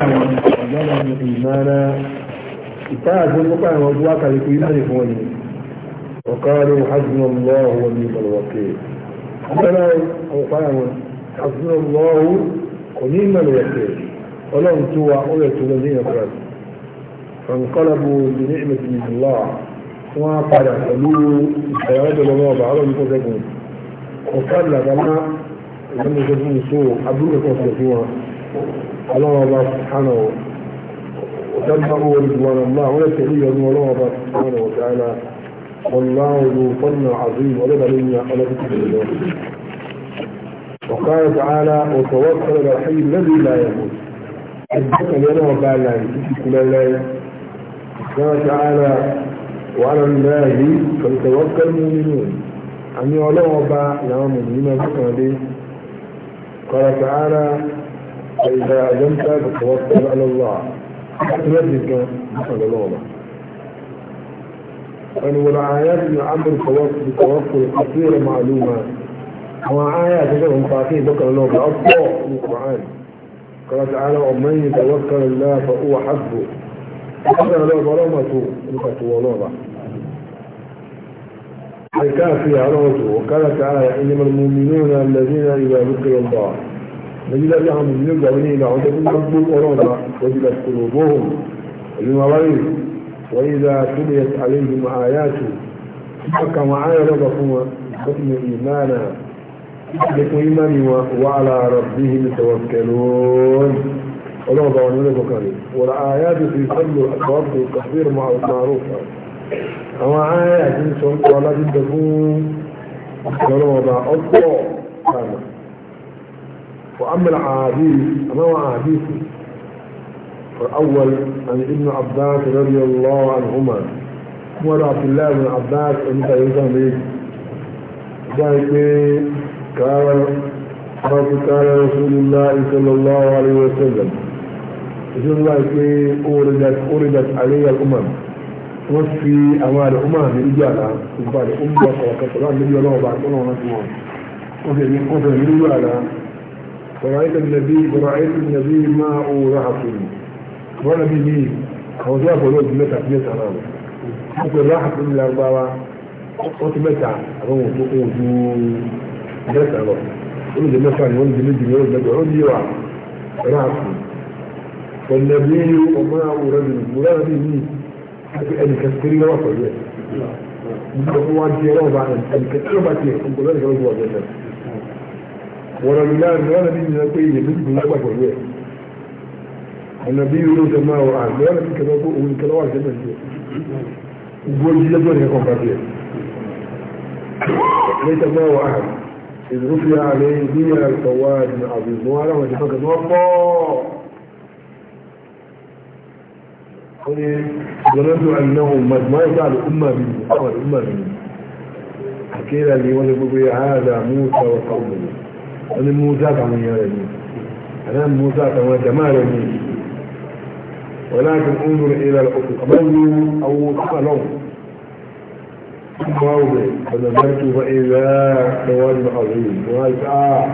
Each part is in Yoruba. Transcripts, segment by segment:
ọ̀gbọ́n ìmọ̀ra ìpáyà tó ń kópa àwọn ọdún wákàlẹ̀ kò yíná lè fún ọ yìí ọ̀kọ́rọ̀ فانقلبوا بنعمة من الله وقال قالوا الله وقال لما لم سوء على الله سبحانه وتنفعه رضوان الله ولا تعيه الله سبحانه وتعالى والله ذو فن عظيم ولا ولد لن الله وقال تعالى وتوكل على الحي الذي لا يموت حدثنا حدثني انا وبالا كل الله قال تعالى وعلى الله فليتوكل المؤمنون أن يعلم وباء يوم المؤمنين قال تعالى فإذا أذنت فتوكل على الله تنزلك على الله أن والآيات من عمر التوكل توكل كثيرة معلومة وآيات لهم تعطيه ذكر الله بأصبع في القرآن قال تعالى ومن يتوكل الله فهو حسبه هذا لا ظلمته نكتو نوضع على وجهه وقال تعالى إنما المؤمنون الذين إذا ذكر الله الذين لهم من يرجع ونينا وجدوا مقبول أرونا وجدت قلوبهم المريض وإذا تليت عليهم آياته حكى معايا لكم حكم إيمانا حكم ايمان وعلى ربهم يتوكلون ولو ضعوني لكم والآيات في كل الأسواق والتحذير مع المعروفة أما آيات سنة ولا جد فون ولو ضع أطلع وأما العاديث أما عاديث فالأول عن ابن عباس رضي الله عنهما وعن عبد الله بن عباس أنت يزن به ذلك قال قال رسول الله صلى الله عليه وسلم رسول الله أوردت أوردت علي الأمم وفي أمال أمم رجالا وقال أمة وكتبان من يلوه بعد أمم وفي أمم رجالا ورأيت النبي ورأيت النبي ماء رعف ونبي لي خوزاك ولد متى في متى رابع حتى الرعف من الأربعة قلت متى روح تقوم متى رابع ولد متى ولد مدري ولد مدري ولد رعف رعف والنبي وما رجل ولا نبي لي حتى أن كسكري رفع يد هو أنت يرى بعد أن كسكري بعد أن كسكري بعد أن كسكري wọ̀rọ̀ yìí láàrin wọn nàbí yìí pé iye méjì ló lágbà pẹ̀lú ẹ̀ ànàbí yìí ló sọ máa wọ àgbẹ̀ wọn nàbí kẹfẹ́ kó òun kẹfẹ́ wà sẹ́fẹ̀ sí ẹ̀ gbogbo ojú lẹ́gbọ̀n yẹn kàn pàṣẹ. lẹ́tà máa wọ àhà ìrúfin àlẹ́ bí i àtọwà àdìmọ̀ àbùmọ́ aláwọ̀ ìdí fọ́kẹ́ wọ́n pọ̀ ó ní ìgbọ̀nàdù ànáwó màdùmáyé bá àlùkùnmá mi nù àwọn àlùkùnmá mi nù àkéèrè ni wọ́n ní gbogbo yà á dà mú ìtawọ̀ kàwọn mi nù أنا موزات يا رجل أنا موزات عني يا رجل ولكن انظر إلى الأفق بلو أو صلو موضع فنظرت فإلى سواد العظيم وقالت آه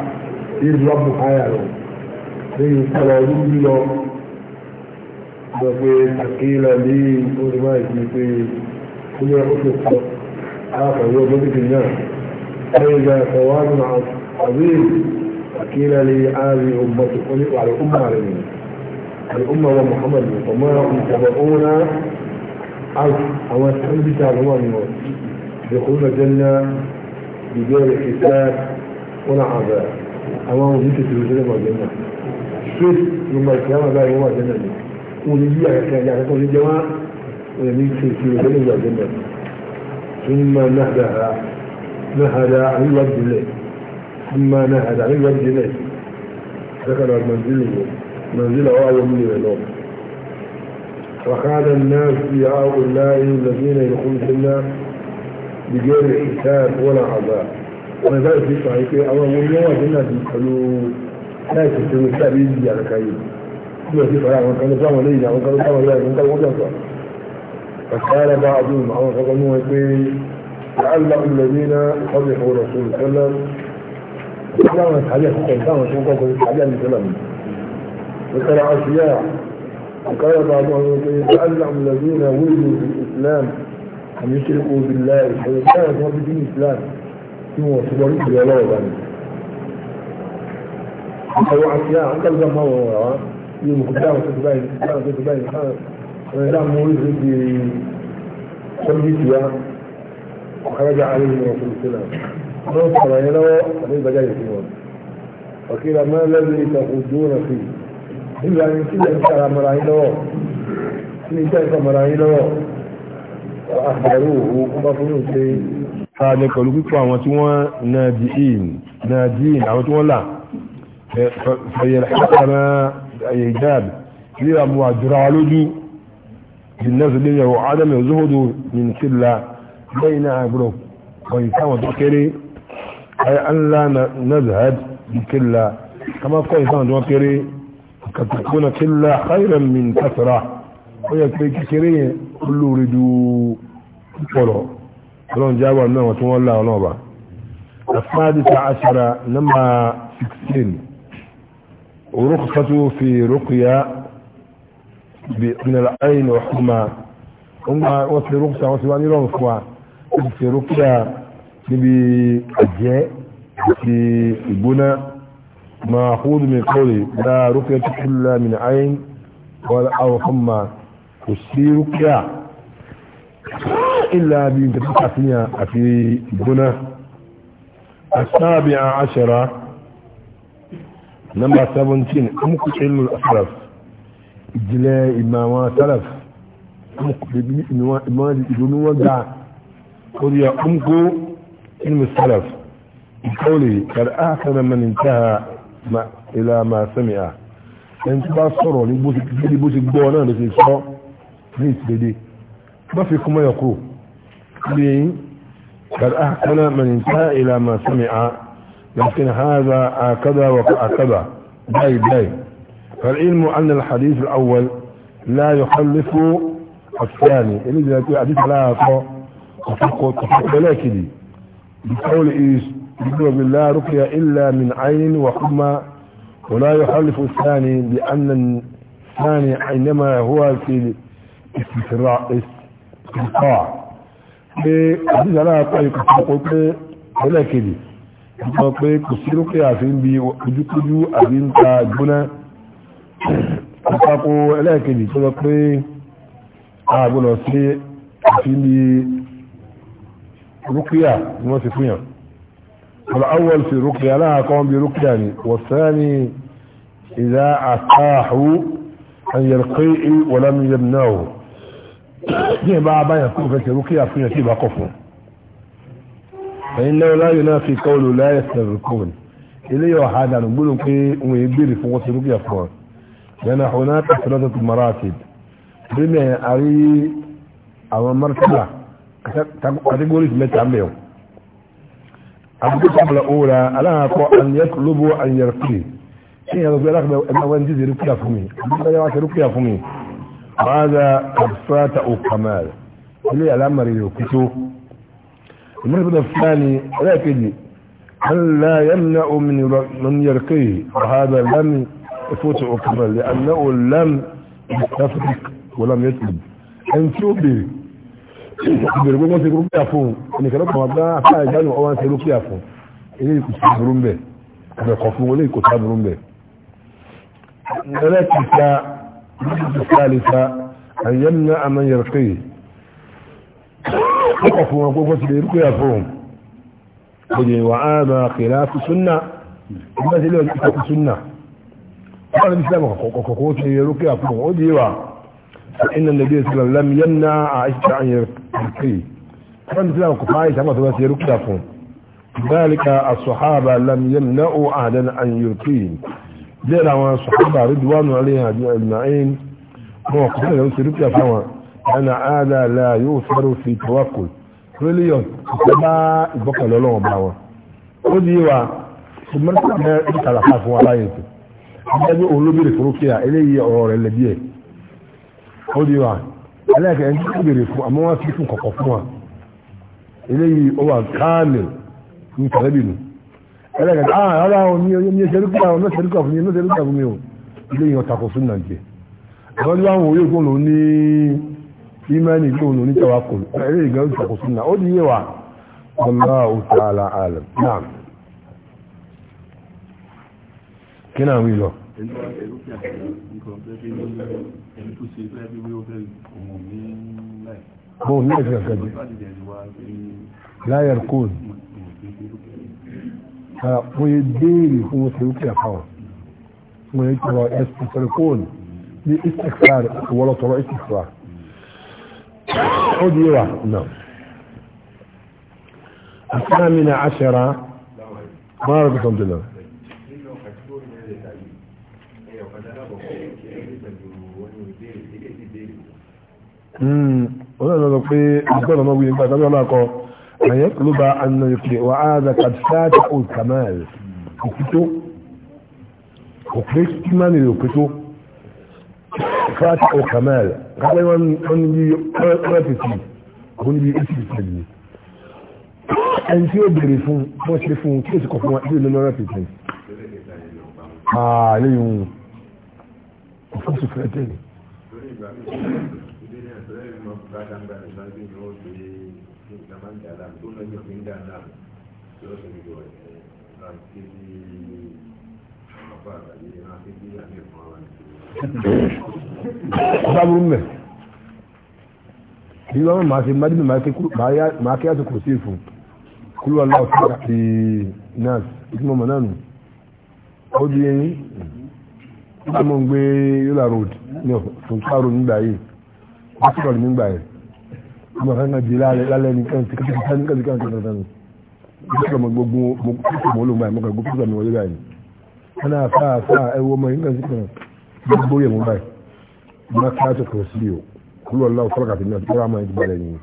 إذ رب حياله في الصلاة الأولى وفي تقيل لي أرمائك في كل أفق آخر هو مدك الناس فإذا سواد العظيم عظيم وكيل لي هذه أمتك وعلى الأمة على الأمة هو محمد وما هم سبعون ألف أو سبعون تعلمون يدخلون الجنة بدون حساب ولا عذاب أمام ذكر الجنة والجنة شوف يوم القيامة لا يوم الجنة ونجي يعني تقول الجماعة ونجي في الجنة والجنة ثم نهدها نهدها هو الجنة عما نهى عن ناس دخل المنزل منزل وهو من الأول وقال الناس في هؤلاء الذين يدخلون الجنة بغير حساب ولا عذاب وأنا ذلك في صحيح أو أولي وجنة يدخلوا لا يستطيعون التأبيد على كريم كما في صلاة من كانوا صاموا ليلة من كانوا صاموا ليلة من كانوا وجنة فقال بعضهم أما فقالوا هكذا لعل الذين صدقوا رسول الله láwọn ìtàlẹ̀ ìtàlẹ̀ táwọn tó ń kọ́kọ́ ìtàlẹ̀ ìtàlẹ̀ mi ذكر عشياء وقال بعضهم يتعلم الذين ولدوا في الإسلام أن يشركوا بالله الحيوان هو بدين الإسلام هو صبروا في الله يعني وكان عشياء عقل ما هو يوم قدام تتبين الإسلام تتبين الحال وإعلام مولد في صليتها يعني. وخرج عليه الرسول صلى الله عليه وسلم من صلينا من بجاي فيهم وكيل ما الذي تقودون فيه إلا أن كل إنسان مراينا كل إنسان مراينا وأخبروه وقفلوا شيء Ààrẹ pẹ̀lú pípọ̀ àwọn tí wọ́n nàdìín àwọn tí wọ́n là fẹ̀yẹ̀rẹ̀ àtàrà ìjáàbì ní àmú àjúra wa lójú jìnnẹ́sì lè yẹ̀wò Adam yóò zuhudu min killa lẹ́yìn náà àgbúrò kọ̀yí táwọn tó kéré أي أن لا نذهب بكلا كما قال إنسان جوكري قد تكون كلا خيرا من كثرة ويكفي كثيرين كل ردو قولوا قولوا جابوا أنه وتوى الله ونوبة السادسة عشرة لما 16 ورخصة في رقية من العين وحما وفي رخصة وفي رقية níbi àjẹ́ àti ìgbóná ma kúrò mi kọ́lé na rúkẹ́ tó kúrò mi ní ayin wọ́n àwọn kan ma kò sí rúkẹ́ ilá bí n tafi àfihàn àti ìgbóná السابعة عشرة نمبر 17 أمكو علم الأسرف ìjìnlẹ̀ ìmọ̀ salaf ọmọkùnrin ìdùnnú wọn gbà orí ọmọkùnrin علم السلف بقوله قد أحسن من انتهى ما إلى ما سمع أنت بقى صروا لبوسك بوسك بونا لسي صروا ليس بدي ما فيكم يقول ليه قد أحسن من انتهى إلى ما سمع لكن هذا آكذا وهكذا باي باي فالعلم أن الحديث الأول لا يخلف الثاني اللي ذلك حديث لا يقول تفقه تفقه لكن بقول إيش يقول بالله رقية إلا من عين وحمى ولا يحلف الثاني لأن الثاني عندما هو في استقاع حديث على طريقة قلت ولا كده sọ pé kò sí lókè àfihàn bí ojúkójú àbí ń ta gbóná àpapọ̀ ẹlẹ́ẹ̀kejì tó رقية الموسفية الأول في رقية لها قوم برقية والثاني إذا أتاحوا أن يلقيه ولم يمنعه دي بقى بقى يكون في رقية فينا تبقى قفوا فإنه لا ينافي قول لا يستغرقون إليه وحادا نقول كي ويبيري فوق رقية فوق لأن هناك ثلاثة مراتب بما أري أو مرتبة categories mẹ́ta ń bẹ̀ o àdúgbò tó ń bọ̀lá òwúra aláàkọ́ àyẹ̀kọ́ lóbó àyẹ̀rẹ̀ kiri kí ni àgbẹ̀ aláàkọ́ ẹgbẹ́ wọn ti ṣe rúkìá fún mi àdúgbò yà wá ṣe rúkìá fún mi wàhálà àbúfáàtà òkàmẹ́rẹ̀ ilé alámàrí rẹ̀ ìmọ̀ ìbúdọ̀ fúlàní ẹlẹ́ẹ̀kejì ńlá yẹ́mìnà omi nìyẹ̀rẹ̀ kiri wàhálà lámì ìfọ́tò òkàmẹ́rẹ̀ lẹ́nu ìbèrè gbogbo ṣe rúkìá fún ẹnìkan lọ́pọ̀ wọn bá afá ìjánu ọwọ́ ṣe rúkìá fún ilé ìkòsí burú ń bẹ̀ ọ̀bẹ̀kọ̀ fún ilé ìkòsí burú ń bẹ̀. ẹlẹ́kìta ìdíje sálíta àyẹ̀m náà àmọ́ yẹ̀rẹ̀kẹ́ yìí ọkọ̀ fún wọn gbogbo ṣe rúkìá fún òye wà á bá kìlá fi súnà ìgbà tí ilé ìkòsí súnà ọkọ̀ فإن النبي صلى الله عليه وسلم لم يمنع عائشة عن يرقي فإن الإسلام كفا عائشة ما تبس يرقي فهم ذلك الصحابة لم يمنعوا أحدا عن يرقي جاء لهم الصحابة رضوان عليها أجمعين هو قفا يرقي فهم أنا هذا لا يؤثر في توكل rílíọ̀n ìfẹ́ bá ìgbọ́kànlé ọlọ́run bá wọn ó di wa ṣùgbọ́n tí wọ́n bẹ́ẹ̀ ń kàlàkà fún wa láyé tó ẹgbẹ́ olóbìnrin fúrúkìá eléyìí ọ̀rọ̀ rẹ̀ lẹ́bí ẹ̀ ó di wa aláìkẹ́ ẹni tó béèrè fún àmọ́ wọ́n fi fún kọ̀kọ̀ fún wa eléyìí ó wà káàmì ní tàbí nù aláìkẹ́ ah rárá o mi ò ní ẹsẹ̀ rí kúrò àwọn ọ̀sẹ̀ rí kúrò fún mi ọ̀sẹ̀ rí kúrò fún mi o eléyìí ọ̀tà kò fún nà jẹ àwọn ìlú àwọn òye kò lò ní ìmánì kò lò ní tàwa kò eléyìí gan ọ̀tà kò fún nà ó di yé wa wallahu ta'ala alam naam kí náà wí lọ ẹni tó ẹrú kí àtẹ̀lé nǹkan tó ẹbí ní ẹni tó ṣe tó ẹbí wíwọ́ fẹ́ òun ní láì. bóun ní ẹ̀sìn ọ̀gá jẹ láyàr kóòl wọ́n yé déèrè fún wọn ṣerú kí àfáwọ̀ wọ́n yé tọrọ ẹ̀sìn sọ̀rọ̀ kóòl ní istikfar عشرة ما رأيكم دلوقتي Hmm. ọlọ́run lọ pé ìgbọ́nà ọmọ wíyẹn gbàgbé ọmọ akọ àyẹ́ ló bá aná ìfẹ́ wà á dà kàdísáàtà òkàmáàlì òkútó òkúté kímánì rẹ̀ òkútó fàtà òkàmáàlì kápẹ́ wọn ní bí ọ́rẹ́pìtì ó ní bí eighty percent ni ẹni tí ó béèrè fún wọ́n ṣe fún kí èsì kọ̀ fún wa ilé ìlú ọ́rẹ́pìtì ààlẹ́ yìí òfin sùfẹ́ tẹ́lẹ̀ bùkátà ń gba nìkan tí ìlú òde tí nǹkan máa ń dà láàmú tó lọ́jọ́ fi ń dà láàmú tí ó sì ń yọ ẹ̀ rántí bí àmọ́fà àgbàdì rántí bí àmì fún àwọn ìṣòro. sábúrú mẹ́ bí wọ́n máa ṣe májúmọ́ máa kí àsìkò sí ìfún kúlú aláwọ̀ sí àti náà ìtumọ̀ mọ̀ náà nù ó di ẹyin ó ń gbé yóò road ní ọ̀fun káàró nígbà yìí àtúrọ̀ ní gbà yẹn ọmọ fẹ́ náà di lálẹ́ nìkan tí kí kí kí kí kí kí nígbà mo gbogbo mo kúkú mo lóun báyìí mo kàn gbogbo fúlà mi wọlé báyìí wọn náà fà ẹwọ ọmọ yìí nǹkan sí kan gbogbo yẹ mo báyìí má kí á tó kọ̀ sí o kúlù ọ̀la ọ̀fọ́lọ́ kàtí náà kúrò àmọ́ ẹ̀ ti balẹ̀ nìyí.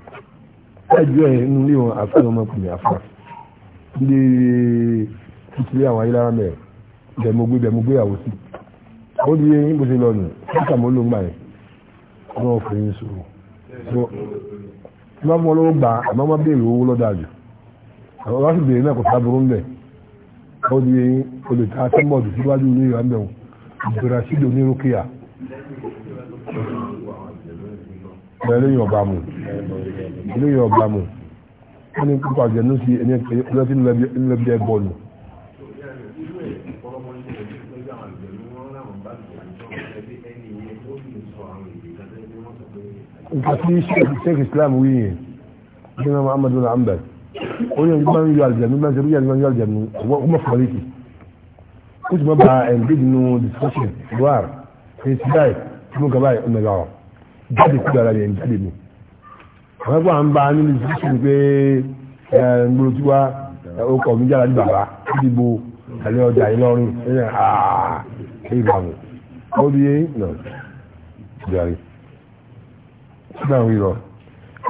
ẹ̀jú ẹ̀ ń lé wọn àfa ni wọ́n máa pèmí àfa ilé ìtìlẹ̀ àwọn ayélujára mẹ́ẹ̀ bẹ̀ mo gbé bẹ̀ mo gbé àwòsí. àwọn ìdílé yín bó ṣe ọlọ́wọ́ fún yín sọ̀rọ̀ ìbá wọn lọ́wọ́ gbà àmọ́ má béèrè owó lọ́dà jù àwọn bá sì béèrè náà kò sábúrú ń bẹ̀ ó di olè ta sẹ́mbọ̀dù síwájú ní ìwà ń bẹ̀ ìbẹ̀rẹ̀ sídò ní rúkìá lẹ́yìn ọba mu lẹ́yìn ọba mu wọ́n ní púpọ̀ àjẹ́ ní sí ẹni ẹgbẹ́ tí ń lọ bí ẹ bọ́ọ̀lù nǹkan tí sheikh islam wí yẹn ní ma muhammadu na ambal ó yẹ kí máa ń yọ àlùjànnú máa ń sẹ́yìn àlùjànnú máa ń yọ àlùjànnú ó má fọlẹ́ kì ó sì má ba ẹ̀ǹdé nínú discussion báyìí tí mo gaba ọmọ ìgbà jáde kúrò ara rẹ̀ jáde mi àwọn ẹgbẹ́ àwọn bá a discussion pé ẹ̀ ń gbòòrò tí wá ó kọ̀ mí jára ní bàbá ìdìbò àlẹ́ ọjà Ìlọrin ẹ̀yìn àà ẹ̀yìn bàbá ó bí yé náà jáde náà wíwọ̀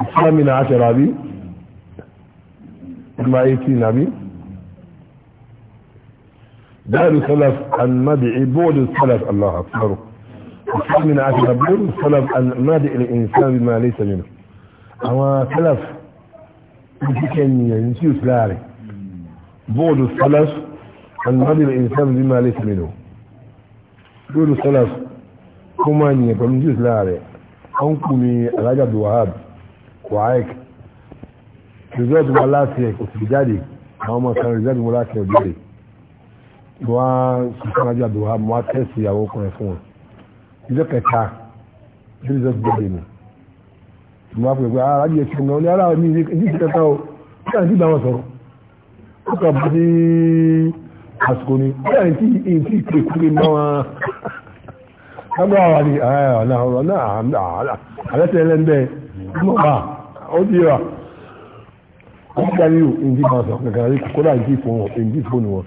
ìsìlámì náà aṣẹ́ra bí ọdún 18 nàbí dáàlù sálàf àmàdì ìbòdì sálàf aláhà fọ́rọ̀ ìsìlámì náà aṣẹ́ra bóòdì sálàf àmàdì ilẹ̀ ìsìlámì máa lè sẹ́yìn àwọn sálàf ìdíkẹ́ nìyẹn tí ó sì láàrin bóòdì sálàf àmàdì ilẹ̀ ìsìlámì máa lè sẹ́yìn bóòdì sálàf kó máa nìyẹn pẹ̀lú tí ó sì ọ̀nkù ni alájà buhab wahik rìsọ́ọ̀tì wọn láti ẹ̀ kò sì jáde àwọn ọmọ kan rìsọ́ọ̀tì wọn láti ẹ̀ jáde wọ́n á sọ fún alájà buhab wọ́n á tẹ̀sí ìyàwó kan fún wọn ìjọ kẹta ní rìsọ́ọ̀tì jáde ni mo á pè pé alájà ẹ̀ sọ̀rọ̀ ní aláwọ̀ mi ní ti kẹta o kí àti ìgbà wọn sọ̀rọ̀ ó kà bá sí àsìkò ni ó yà ní tí ìpè kúrè mọ́ wọn kágbà wà ní àárọ̀ náà àlẹ́tẹ̀ẹ́lẹ́ ń bẹ́ ọmọba ó di wa wọ́n gbá ní ìdí máa sọ kankan rí kódà ìdí fóònù ìdí fóònù wọn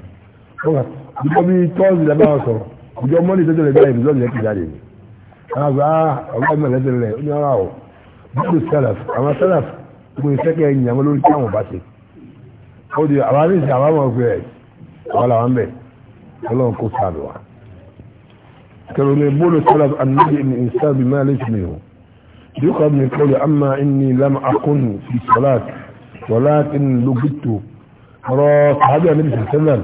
wọ́n kà ìjọ bí tọ́ọ̀sì lẹ́bàá wọn sọ̀rọ̀ ìjọ mọ́lì tó tẹ̀lé báyìí lọ́ọ̀lì lẹ́kì jáde ni àwọn ọgbà ìmọ̀ lẹ́tẹ̀lẹ̀ ó ní ara ọ̀ bíbélì sẹ́lẹ̀f àwọn sẹ́lẹ̀f gbé sẹ́kẹ̀ ìyàmọ́ lórí táwọn bá ṣe ó di àwọn àríṣẹ́ àwọn ọmọ ọgbẹ́ àwọn làwọn bẹ̀ ọlọ́run kó sáà lọ́wọ́ كانوا يقولوا السلف أن نجي إن الإنسان بما ليس منه يقال من قول أما إني لم أكن في الصلاة ولكن لقيت ọ̀rọ̀ sàábẹ̀ níbi sẹ̀sẹ̀lẹ̀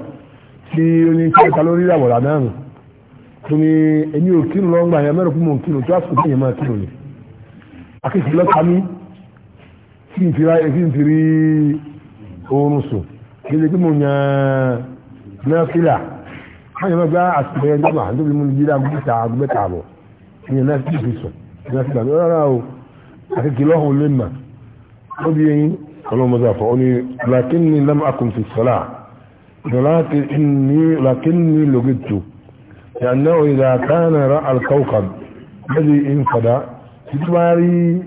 tí ó ní kí ẹ̀ka lórí ìyàwó làdáàmù tó ní ẹni ò kírun lọ ń gbà yẹn mẹ́rin fún mò ń kírun tó àsìkò tó yẹn máa kírun ni akéèké lọ́ka mi kí n fi rí oorun sùn kí n lè kí mo yàn náà kílà hanyar ma gba a sinayen gama an tobi mun jira guta gubata bo ni na fi fi so na fi gbani rara o a ti kilo hun le ma o bi yin kalo maza fa oni lakin ni lam akun fi sala lakin ni lakin ni logitu لأنه إذا كان رأى الكوكب الذي انفدى تباري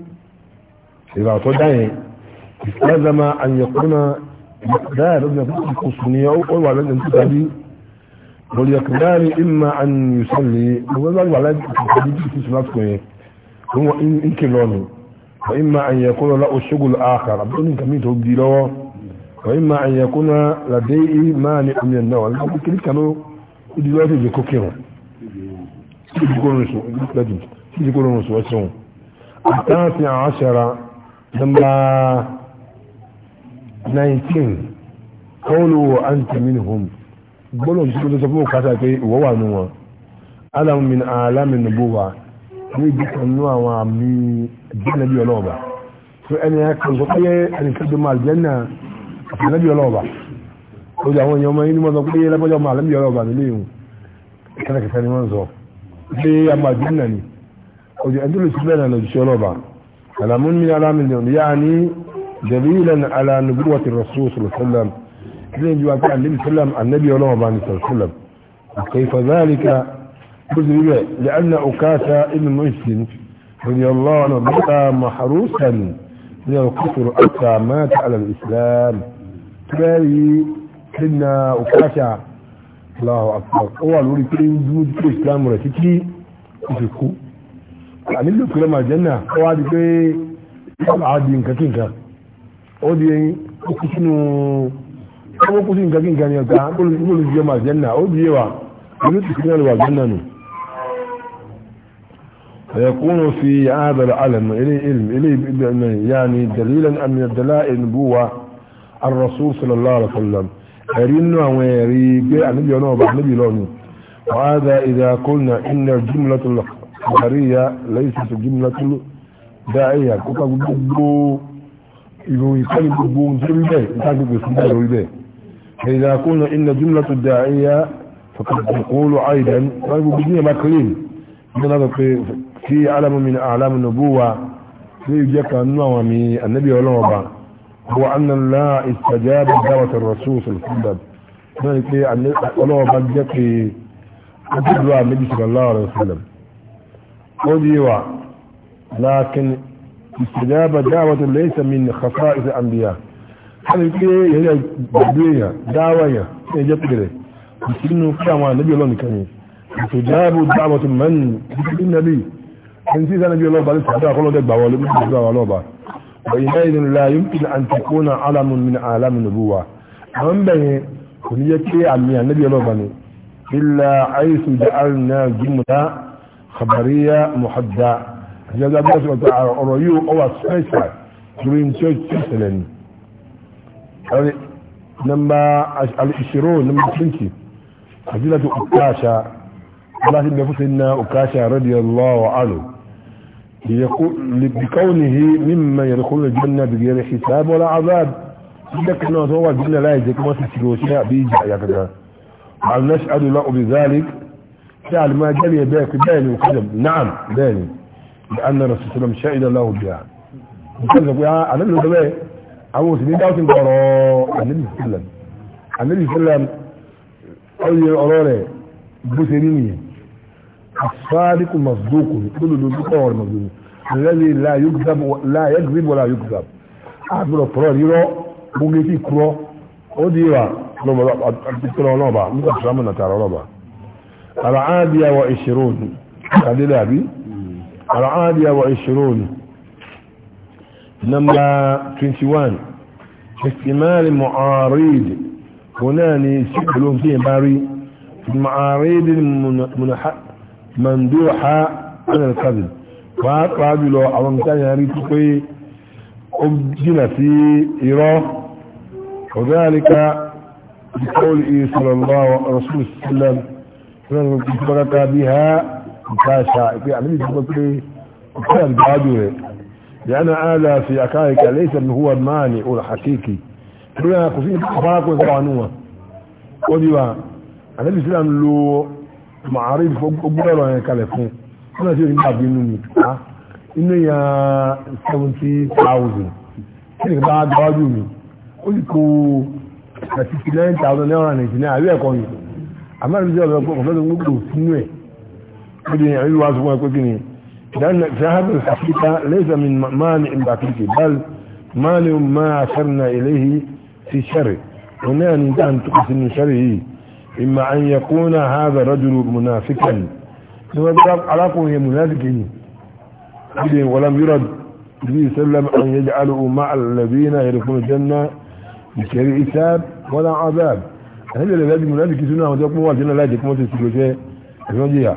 إذا تدعي لازم أن يكون مقدار ابن فتح القسطنطينية أو أول أن تتعبي وليقدار إما أن يصلي وذلك على الحديث في سنته هو إن كلون وإما أن يكون له الشغل آخر أبدون كمين تبدي له وإما أن يكون لديه مانع من النوع لكن كل كانوا يدي له في جكوكيرو يقولون نسو لكن يقولون نسو أسرون التاسع عشر نمرة 19 قولوا أنت منهم gbọ́dọ̀ tí kò tó sọ fún òkúta pé ìwọ́ wà nù wọn alamu min alamin nubu wa ní ibi kan nú àwọn àmì jẹ́nẹ́bí ọlọ́ọ̀bà tó ẹni ẹ kàn sọ pé ẹni tó dé máa jẹ́nà àfẹ́nẹ́bí ọlọ́ọ̀bà ó di àwọn èèyàn ọmọ yìí ni wọ́n sọ pé ẹlẹ́pọ̀jọ́ máa lẹ́bí ọlọ́ọ̀bà nílé ìhùn kẹ́lẹ́kẹ́sẹ́ ni wọ́n sọ pé a máa jẹ́nà ni ó di ẹni tó lè sọ bẹ́ẹ̀ náà lọ́jọ́ لين جوا كان النبي صلى الله عليه وسلم النبي صلى الله عليه وسلم كيف ذلك بذل لأن أكاسى ابن محسن رضي الله عنه بقى محروسا من القصر حتى مات على الإسلام تبالي سنة أكاسى الله أكبر أول ولي كريم جود في الإسلام ورسكي يفكو يعني اللي في لما الجنة قواعد في العادي كتنكا أودي أكسنو kuma kusa in gagin gani ga bulu biyo ma janna o biyewa wani cikin alwa janna ne فيكون في هذا العلم إليه علم إليه يعني دليلا من دلائل النبوة الرسول صلى الله عليه وسلم أرينا ويريبي النبي ونوبة النبي لوني وهذا إذا قلنا إن الجملة الخبرية ليست جملة داعية كتاب بو يقول بو نجيب بيه نتاكد بسم الله فإذا قلنا إن جملة الداعية فقد تقول أيضا طيب بدنيا مكرين من في علم من أعلام النبوة في جكا النومي النبي ولوبا هو أن الله استجاب دعوة الرسول صلى الله عليه وسلم ذلك أن ولوبا جك أدعى النبي صلى الله عليه وسلم وديوا لكن استجاب دعوة ليس من خصائص الأنبياء hali pé yẹ̀rẹ̀ gbàgbé èèyàn dáwà èèyàn tí ẹjẹ́ pẹ̀lẹ̀ ìsinú kí àwọn ànábì ọlọ́nìkan yìí ètò jáàbù dáwọ̀ tó mẹ́rin títí nàbí ẹni tí ìsánábì ọlọ́ba lè sàdá ọkọlọ́dẹ gbà wọlé bí ìgbà wà lọ́ba ọ̀yìn náà ìdí ńlá yóò fi àǹtẹ̀kọ́nà alamu min alamu nìbú wa àwọn ń bẹ̀yẹn kò ní yẹ kí àmì ànábì ọlọ́ba ni ilà àìsù muhadda ìjọba bí wọ́n ti ọ̀rọ̀ yìí ó wà special during church ceremony نمبر العشرون نمبر 20 فضيلة أكاشا الله نفسنا أكاشا رضي الله عنه يقول بكونه ممن يدخل الجنة بغير حساب ولا عذاب انه هو الجنة لا يجيك ما تشيروشها بيجع يا كذا هل نشأل له بذلك قال ما جري بيك باني وقدم نعم باني لأن الرسول صلى الله عليه وسلم شهد له بها وكذب يا أنا من àwọn òsì ní dáwọ́tì ọ̀rọ̀ àlébìsílẹ̀ àlébìsílẹ̀ ọyẹ ọ̀rọ̀ rẹ̀ bó ṣe rí nìyẹn asfáàdìkù masdókù lódodo tó kọ̀ ọ̀rọ̀ masdókù lẹ́lẹ́ láyẹ́gbẹ́ bọ́lá yókùsà àgbẹ̀rọ̀ pọ̀rọ̀ rírọ́ gbogbo etí kúrọ́ ó di wa lọ́bàá ọlọ́ba nígbà tó sámù nàtàrà ọlọ́ba àlàáàdìyà wa ìṣirónì kàdílẹ̀ 21 احتمال معارض هناني شكلهم فيه باري المعارض مندوحة عن الكذب وقال له عوام تاني هريتك أبجن في إيراه وذلك إيه صلى الله ورسول السلام صلى الله بها مكاشا يعني بيقول لك وكان بعده لأن هذا في أكائك ليس من هو المانع الحقيقي لولا كفين فراك وقوانوه وديوا النبي صلى الله عليه وسلم له معارف وقبره يعني كلفون أنا شيء ما بينوني ها إنه يا 70000 كده بعد واجومي قلت 69000 نيرا نيجينا أبي أكون أما الرجال يقول فلان مقدو سنوه كده يعني الواس ما يقول كده لأن ذهب الحقيقة ليس من مانع بحقيقي بل مانع ما أثرنا إليه في شره هنا ننتهى أن تقسم شره إما أن يكون هذا الرجل منافقا علاقه هي منافق ولم يرد النبي صلى الله عليه وسلم أن يجعله مع الذين يدخلون الجنة بشري حساب ولا عذاب هل الذي منافق سنة وتقوم الجنة لا تكون تسلوشة الرجيع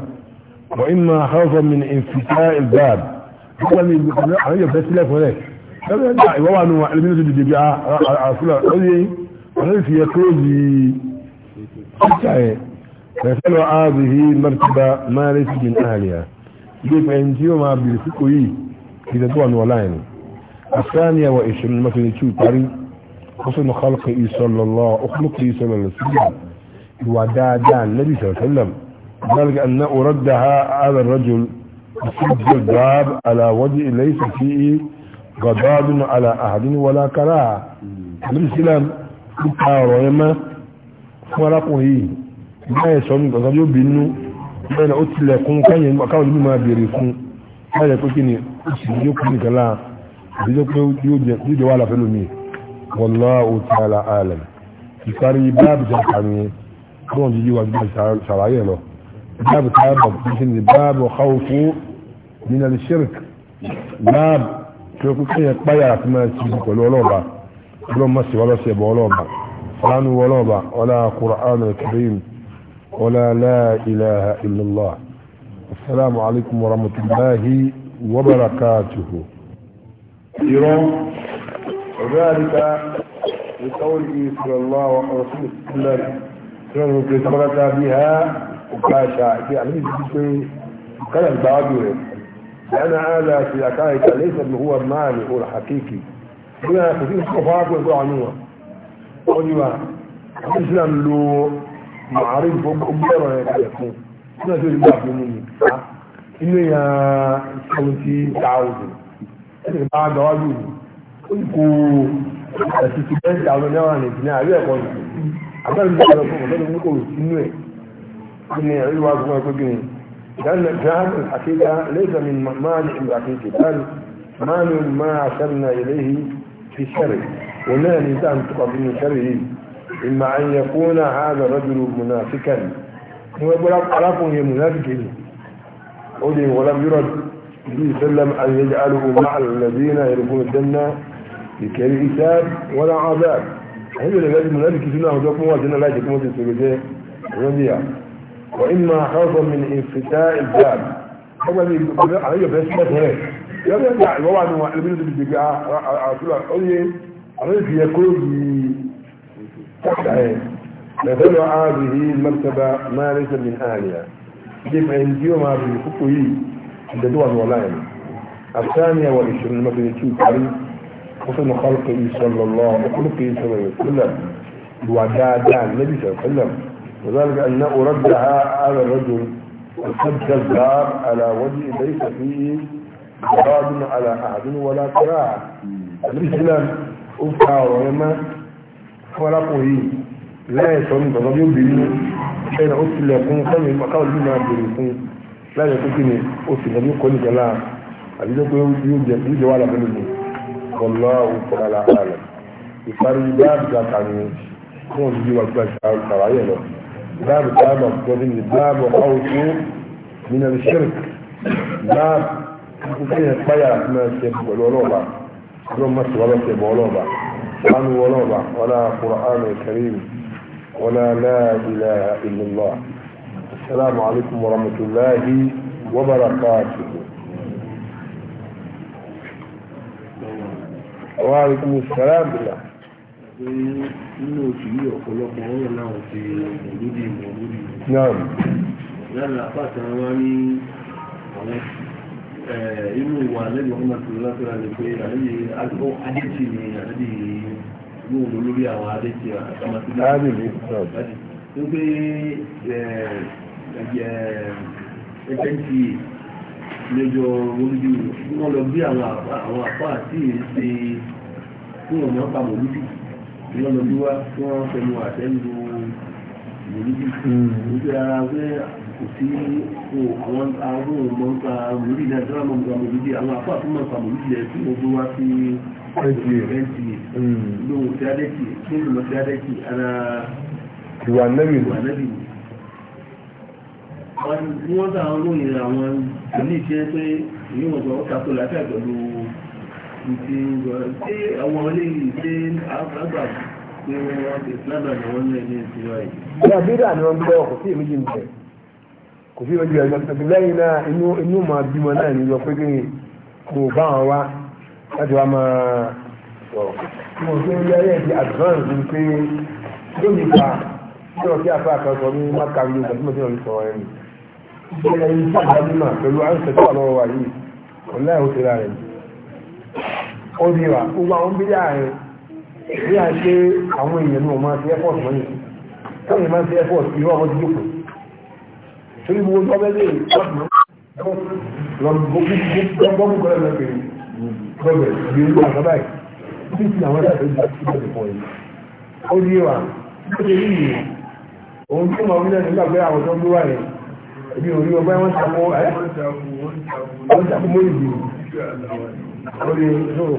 وإما خوفا من انفتاء الباب هذا اللي بيقول عليه بس لا فلان هذا لا هو انه علمين اللي بيبيع اصلا قوي انا في يكوزي شاي فسأل هذه مرتبة ما ليس من أهلها كيف أنتيو ما بيفكوي إذا دوان ولاين الثانية وإشرين مثل شو تاري حسن خلقه صلى الله أخلقه صلى الله عليه وسلم ودادا النبي صلى الله عليه وسلم ذلك أن أردها على الرجل بسبب الباب على وجه ليس فيه غضاب على أحد ولا كراه. الإسلام كارما فرقه ما يسون غضب بينه بين أتلكم كان يمكن بما بيركم هذا كني أسيجكم كلا أسيجكم يوجد ولا فلمي والله تعالى عالم في báàbù باب kàmí tó wọ́n jíjí wájú له. باب تعبد باب وخوف من الشرك باب تلقي طيارة ما تسيبك والولوبة بلوم مسي ولا سيب ولوبة قرآن ولوبة ولا قرآن الكريم ولا لا إله إلا الله السلام عليكم ورحمة الله وبركاته يرون ذلك لقوله صلى الله عليه وسلم بها ìgbà àṣà àti àlejò ti pé kálà ìgbà wájú rẹ̀ lẹ́nà àádá ti àká ìkà lẹ́sẹ̀ ló wà máa ní òrà àkéèkì bí wọ́n kò sí ìṣòro fún àpò ìgbà àánú wọn. ó ní wa àti Islam lo màárí gbọ́rọ̀ rẹ̀ kalẹ̀ fún nígbà tó ìgbà fún mi inú ya seventy thousand ẹ̀sìn bá gbà mi ó ní kó ẹ̀sìn ti bẹ́ẹ̀ tàwọn náírà nìjìnà àbí ẹ̀kọ́ nìjìnà àbẹ́rẹ́ mi kọ́ ọ̀dọ́ أن يعيوا أقوم لأن الجهل الحقيقة ليس من مانع الحقيقة بل مانع ما عشرنا إليه في الشرع ولا نزام من شره إما أن يكون هذا الرجل منافقا ويقول أقرأكم يا منافقين أولي ولم يرد النبي صلى الله عليه وسلم أن يجعله مع الذين يدخلون الجنة بكل حساب ولا عذاب هذا الذي منافق فينا هو لا يجب أن يكون وإما خوفا من انفتاء الباب يعني يعني هو اللي بيقول آه، آه، آه، عليه بس بس هيك يا ابن الله هو انا اللي بده يبيع اصلا قول لي عرف يا كوبي تحت عين مثل هذه المرتبة ما ليس من آلية كيف عنديه ما بيحطه عند دول ولاين الثانية والعشرين ما بيحطه تعليم حسن خلقه صلى الله وخلقه صلى الله عليه وسلم الوعدادان النبي صلى الله عليه وسلم وذلك أن ردها على الرجل الحج الزار على وجه ليس فيه مراد على أحد ولا كراهة الإسلام أفتى ويما فرقه لا يسون تضبيو بني حين أسل يكون قوي مقاول بما بني لا يكون أسل يكون كل جلال àdídọ́kọ̀ yóò wà lábẹ́ lónìí kọlọ́ òkúra àlẹ́ ìparí bá àbúgbà kan ní fún òṣìṣẹ́ wàgbà باب الأمر وذن الباب وقوته من الشرك باب كيف يطيع ما يسيب الولوبة كلهم مس ولا يسيب الولوبة عن الولوبة ولا قرآن الكريم ولا لا إله إلا الله السلام عليكم ورحمة الله وبركاته وعليكم السلام بالله pé nínú oṣù yìí ọ̀pọ̀lọpọ̀ ọ̀rọ̀ láwọn ti mọ̀lúdì mọ̀lúdì. lára pàtàkì wọn wá ní àwọn inú ìwà lẹ́yìn ọmọ tó lásìrò àti pé àlejò adéjì ni àlejò inú olórí àwọn adéjì àtàmàtí láti ń pé ẹgbẹ́ ti lẹ́jọ́ olójú wọn lọ bí àwọn àpá àti èsì fún ọmọ pa mọ̀lúdì ìrọ̀lọ́dún wa tí wọ́n fẹnu àtẹ́lu mòlídì ojú hmm. ara pé kò sí àwọn arúgbó mọ́ta mòlídì náà tí wọ́n mọ̀ nípa mòlídì àwọn afọ àtúmọ̀ nípa mòlídì ẹ̀ tí mo gbé wá sí ẹ̀ǹtì hmm. lóhùn tí adẹ́kì tí ó lọ sí adẹ́kì ara ìwà nẹ́bì ni wọ́n ta àwọn olóyìn àwọn ìlú iṣẹ́ pé ìyíwọ̀n tó ń takò láti àgbẹ̀lú ìtì ṣé àwọn eléyìí ṣé àgbà pé wọ́n ti sábà ní wọ́n lẹ̀ ní ìṣúra yìí. ní abídà ni wọ́n gbé ọkọ̀ sí èméjì ń bẹ̀ kò sí ìrọ̀jù ẹ̀yọ́ tẹ̀sí lẹ́yìn náà inú inú máa bímọ náà ní yọ pé kí kò bá wọn wá láti wá máa sọ̀rọ̀. mo ṣe ń yẹ́rẹ́ ti advance ní pé lónìí pa tí wọ́n fi àfa ní máka ní tí mo ti rọ̀ sọ̀rọ̀ ẹ̀mí. ìṣẹ̀lẹ̀ yìí sábà bímọ pẹ̀lú àìsàn tó wà wa yìí ọ̀nà ìhòsèrè rẹ̀ yìí ọdún ìwà gbogbo àwọn bí láàrin bí a ṣe àwọn èèyàn náà máa fi airport mọ́yìn táwọn èèyàn máa fi airport ìwọ àwọn ti jókòó torí gbogbo tó bẹ́ẹ̀ lè lọ́gbọ́n kọ́lẹ̀ lọ́gbẹ̀ẹ́ lọ́gbẹ̀ẹ́ bí i àgbà yìí bí i àwọn ẹ̀sẹ̀ tó ti bẹ̀rẹ̀ pọ̀ yìí ó di ìwà ó ti rí ìyè òun tó mọ̀ wílẹ̀ nígbà pé àwọn tó ń gbówà yẹn ebi òun ní ọgbà wọn ṣàkó ẹ̀ wọ́n ṣàkó mọ́ ìdìbò orí ìṣòro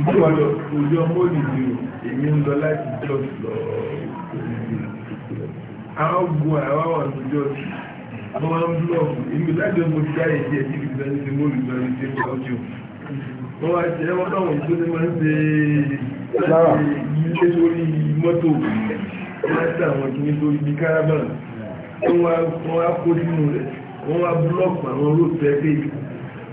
ìjọwọ́jọ́ ojú ọmọ òdìdí èmi ń lọ láti jọ lọ àwọn ogun àwọn àwọn àtúnjọ àwọn máa ń blọọ̀gù èmi láti ọmọ ti dáyé díẹ̀ sí ibi ìgbà níbi mọ́lù ìgbà níbi ìgbà ọjọ́ wọ́n wá ṣe ẹwọ́n náà wọ́n tó ní máa ń ṣe ilé lórí mọ́tò láti àwọn kìíní lórí bí caravan wọ́n wá kó sínú rẹ̀ wọ́n wá blọọ̀gù àwọn róòtù ẹgbẹ́ ìgbà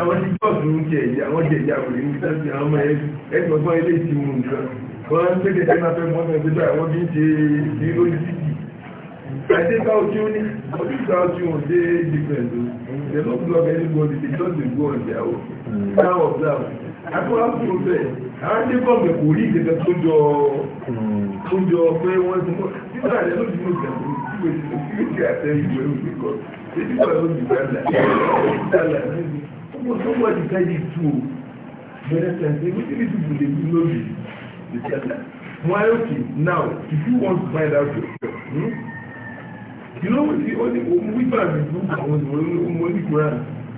àwọn tí bọ́ọ̀sì ń jẹ ìyá wọ́n jẹ ìyá wòlé ní sẹ́sì àwọn ọmọ ẹgbẹ̀gbọ́n ilé ti mú nǹkan wọ́n ń tẹ́lẹ̀ tẹ́lẹ̀ fẹ́ mọ́ ẹ̀ gbẹ́gbẹ́ àwọn bí ń ṣe ní lóríṣìí ẹ̀dẹ́ bá ojú ní oríṣà ojú wọn dé dìpẹ̀lú they don't block anybody they just dey go on their own now observe akọ́wá fún un bẹ́ẹ̀ àwọn tí bọ́ọ̀mù kò rí ìgbẹ́gbẹ́ tó jọ tó jọ pé wọ́n ti mọ́ nígbà rẹ̀ ló ti mú ìgbẹ́gbẹ́ ìwé ti ìwé ti àtẹ ìwé òfin kan èyí bọ́ọ̀lù ó ti bá nobody tell you to better sense wetin these people dey do no be the seller why okay now if you wan find out yourself hmm? you know wetin only wíwá dey do àwọn ìwòye ọmọ ní koran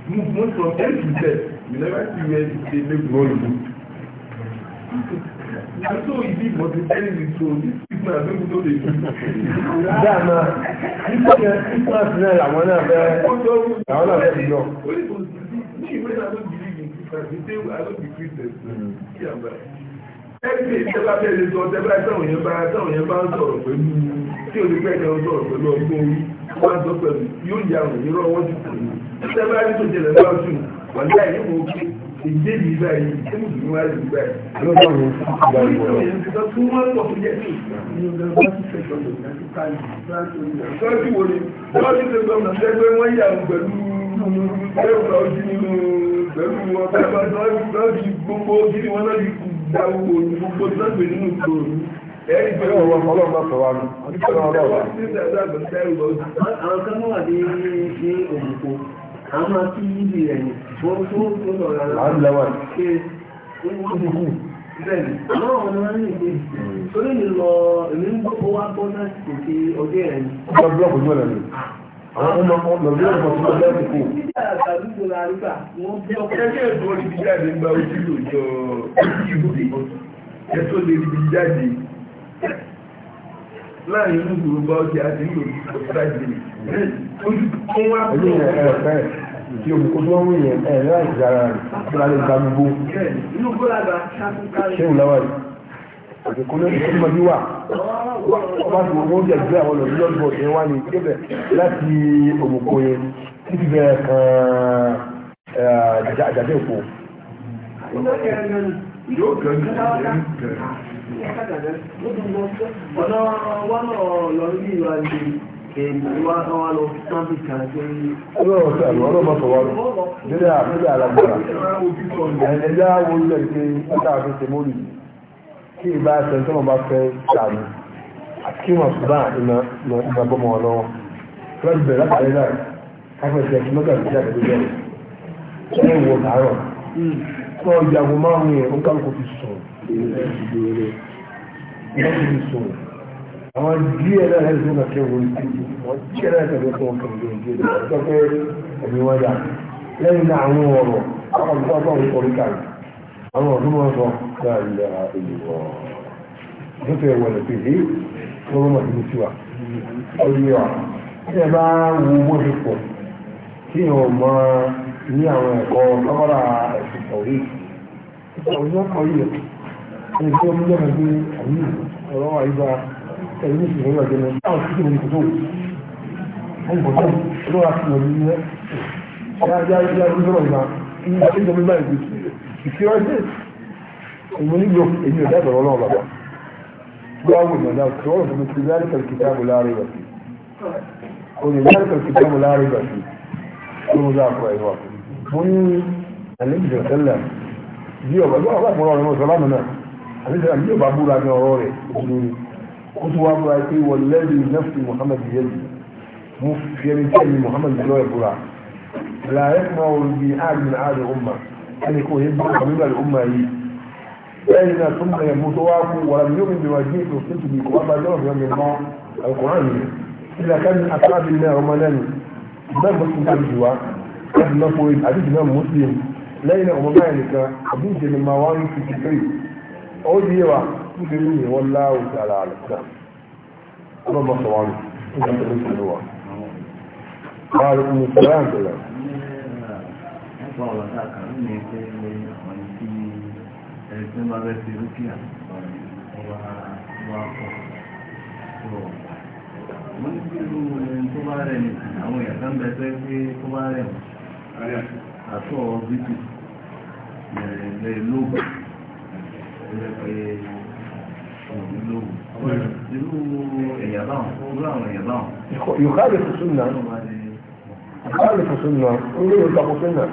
move move from a to z you never see where the day make money. go na so easy, but the telling me so this is na so we no dey do. dáa náà nípa náà not náà fẹ́ làwọn náà fẹ́ bí náà even I don't believe in Christians, they say I don't be Christian. Ẹgbẹ́ ìjọba tẹ̀lé sọ tẹ́lá táwọn yẹn bá táwọn yẹn bá ń sọ̀rọ̀ pẹ̀lú tí olùkọ́ ẹ̀ka ń sọ̀rọ̀ pẹ̀lú ọgbọ́n orí wọ́n á sọ pẹ̀lú yóò yà wọ́n ní rọ́wọ́ jù pẹ̀lú. Tẹ́lá ní tó jẹlẹ̀ bá sùn wà ní àyè mọ̀ òkè èdè yìí báyìí tí mo dùn wá lè báyìí. Lọ́sọ̀ mi ìgbà ìwọ̀ rẹ̀. Sọ́ọ́sì wo ni? Sọ́ọ́sì ti sọ ẹ̀rọ ojú nínú pẹ̀lú gbogbo ẹ̀rí pẹ̀lú ọ̀rọ̀ sọ ní àwọn ní àwọn bẹ́ẹ̀ni àwọn ní àwọn ọmọ ọmọ lọ́wọ́ ọmọ tó lọ lẹ́nu kù. ẹgbẹ́ ètò oríbi jáde ń gba ojú lòjọ ìbùdó ẹtọ́ lè ríbi jáde láàrin inú ìgbòho bá ọjà àti ìlú òṣìṣẹ́ ojú tó wá pẹ̀lú ẹ̀fẹ́ tí olùkó tó ń yẹn ẹ̀ láì jára rẹ̀ kí lálẹ́ gbàgbó. ṣé ìlú láwàá yìí àsìkò lórí tó mọ̀ níwà ọba tí wọ́n jẹ́ ìgbé àwọn olùdíjọ́ bọ̀ tí wọ́n ní débẹ̀ láti òmùkọ yẹn títí bẹ̀rẹ̀ kan àjàdé òkú. ọ̀nà wọn náà lọ sí ìwà àfẹ́lẹ́ alágbára. Ẹ̀yẹ́ yá wo lẹ́gbẹ̀ẹ́ ọ̀tá àfẹ́sẹ̀ mọ́lì yìí tí ìbá ṣe tí wọ́n bá fẹ́ ṣàmì àti wọn ṣùgbọ́n ìmọ̀ ìgbàgbọ́mọ̀ ọlọ́wọ́ lọ́dún bẹ̀rẹ̀ látàrí náà káfíńsì ẹ̀kí mọ́gà ìgbésẹ̀ àgbẹ̀gbẹ̀ ẹ̀ wọ̀ láàárọ̀ wọ́n ọjà àwọn márùn-ún yẹn ó kálukú fi sùn wọ́n ti fi sùn àwọn díẹ̀ náà lẹ́yìn tó ń kẹ́ wọ́n ti wọ́n díẹ̀ náà tẹ̀lé fún wọn kẹ́lẹ́ díẹ̀ díẹ̀ lọ́pẹ́ ẹ̀mí wọn dà lẹ́yìn náà àwọn ọ̀rọ̀ àwọn ọ̀rọ̀ àwọn ọdún wọn sọ láàrín ìlúwọ̀ tó fẹ́ wọlé pèlé tó rọ́mọ̀ ìlú sí wa olùyọ̀ tí ẹ bá wo owó ti pọ̀ kí ẹ ò mọ ní àwọn ẹ̀kọ́ lọ́kọ́lá ẹ̀sìn kọ̀wé ọjọ́ kan yìí ẹni tí ó mú lọ́kàn pé àmì ọ̀rọ̀ àyíká ẹ̀yìn ní ìṣẹ̀lẹ̀ ọjọ́ náà táwọn tí kìí kò tó wọ́n kò tó olóra sí ọdún ní ẹ̀ ṣáájá ìjọba ìgbà ìjọba ìgbà ìgbà ìfi ọjọ́ ìmú nílò èmi ò dábọ̀ ọlọ́run bàbá gbọ́ àwọn èèyàn náà tí wọ́n fi ti lárí kan kìtà bù láàrin ìgbà sí òní lárí kan kìtà bù láàrin ìgbà sí tó ń dá àpò ẹ̀wà mo ní àlejò tẹ́lẹ̀ bí ọba bí ọba àpòrọ̀ rẹ̀ sọ lánàá náà àlejò àbí ọba búra ní ọ̀rọ̀ rẹ̀ òní ó tún wá búra pé wọ́n lẹ́rìí nẹ́fì Muhammad yẹ́lì mo fi ẹni tẹ́lẹ̀ Muhammad lọ́ọ̀ ẹni kò yẹ gbọ́n kàmí bàlẹ̀ ọmọ yìí bẹ́ẹ̀ ni tó mọ̀ ẹ̀mú tó wá kú wà ní omi ìdìbò àjí ètò fún tìbí kò wá bá jọ́rọ̀ fún ọmọ alukọ̀rán yìí ilẹ̀ kan àtàbí náà ọmọ lẹ́nu bẹ́ẹ̀ bó ti ń tàbí wá láti náà fún àti ìdìbò muslim lẹ́yìn ọmọ báyìí nìkan àbí ìjẹni máa wá ní fifty ó di yé wa nítorí ní wọ́n láwù sí àlà àlùkà ọlọ́mọ sọ̀wọ́n ní ìjọba tó ń sọ̀rọ̀ wa. Wa alaikum salaam fún ọ̀rọ̀ tá a kà ní pé àwọn tí ẹni tí máa rẹ́ sí rúkìá wà wà pọ̀ tó wọ́n ní bí irú ẹni tó bá rẹ̀ nìkan àwọn èèyàn kan bẹ fẹ́ pé tó bá rẹ̀ mọ́ àtọ̀ bíbí ẹ̀rẹ̀ lóògùn ẹ̀rẹ̀ pé ọ̀rọ̀ lóògùn irú ẹ̀yà báwọn irú àwọn ẹ̀yà báwọn. yòókàlẹ̀ fòsùn náà yòókàlẹ̀ fòsùn náà ó lè yọ̀ọ́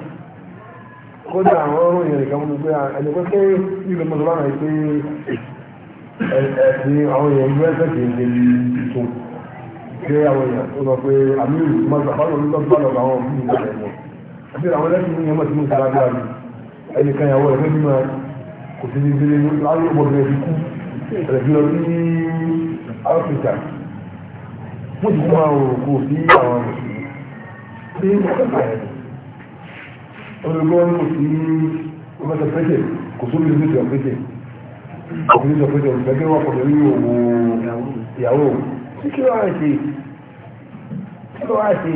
kódà àwọn ọ̀rọ̀ ìyẹn nìkan mú pé ẹni pé pé ìlú mọ́tò bá rẹ̀ pé ẹ̀sìn àwọn èèyàn ìlú ẹ̀sẹ̀ kì í ṣe tuntun pé àwọn èèyàn tó sọ pé àmì ìlú mọ́tò àbálò ní lọ́dún bálọ̀ àwọn ọmọ ìlú rẹ̀ mọ́ àti àwọn ẹlẹ́sìn ní ẹmọ́ tí mo sára dára mi ẹnìkan ìyàwó rẹ̀ fẹ́ẹ́ bímọ kò sí ní délé láyé ọmọdé rẹ̀ fi kú rẹ̀ fi lọ olùgbọ́ ní kò sí ọmọdé pẹ́kẹ̀ kò sóbi ní ìjọ pẹ́kẹ̀ kò ní ìjọ pẹ́kẹ̀ òṣìṣẹ́ wà pọ̀lọ̀ ní òwò ìyàwó kí ló wáyé ṣe kí ló wáyé ṣe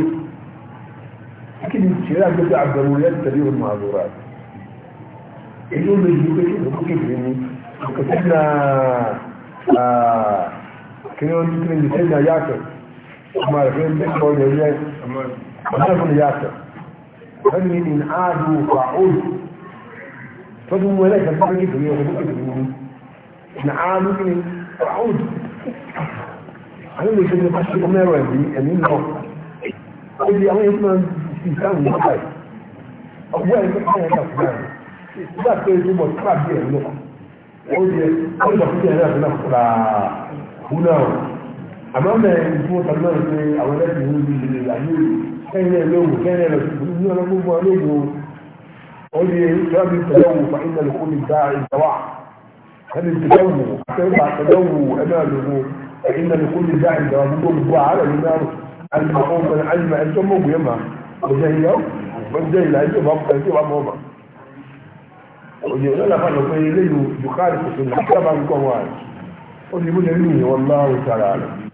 kí ni ṣe rà gbẹ́gbẹ́ àgbẹ̀rù rẹ̀ tẹ̀lé òun máa lò rà èyí ó lè yí pé kí ló kékeré ní kòtẹ́ na kí ni ó ní kí ni ìṣẹ́ ní ayáàtọ̀ ọmọ rẹ̀ fẹ́ ń bẹ́ẹ̀ kọ́ ọ̀rẹ́ rẹ̀ ọmọ rẹ̀ fún ìyáàtọ̀ wọ́n ní ní àádù wà òòlù tọ́jú mú ẹlẹ́gbẹ̀ tó rí ìdòmí ọdún tó rí ní ní àádù ní wà òòlù àwọn ilé ìṣẹ́jú bá ṣe ọmọ ẹ̀rọ ẹ̀mí ẹ̀mí lọ ó di àwọn ẹ̀mí máa ń fi ìsáhùn ní ọgbà yìí ọgbà yìí tó kọ́ ẹ̀dà fún náà nígbà tó أين لو كان لكم إن لكم عليهم قولي كم التدوه فإن لكم الداعي الدواع هل التدوه حتى يبع التدوه أمامه فإن لكم الداعي الدواع نقول الدواع على الإمام المعروف من علم أنتم مو يما وزهي يوم وزهي لأنتم أبقى يتبع موما وزهي لك أنه فإن إليه يخالف السنة كما يكون والله تعالى عالم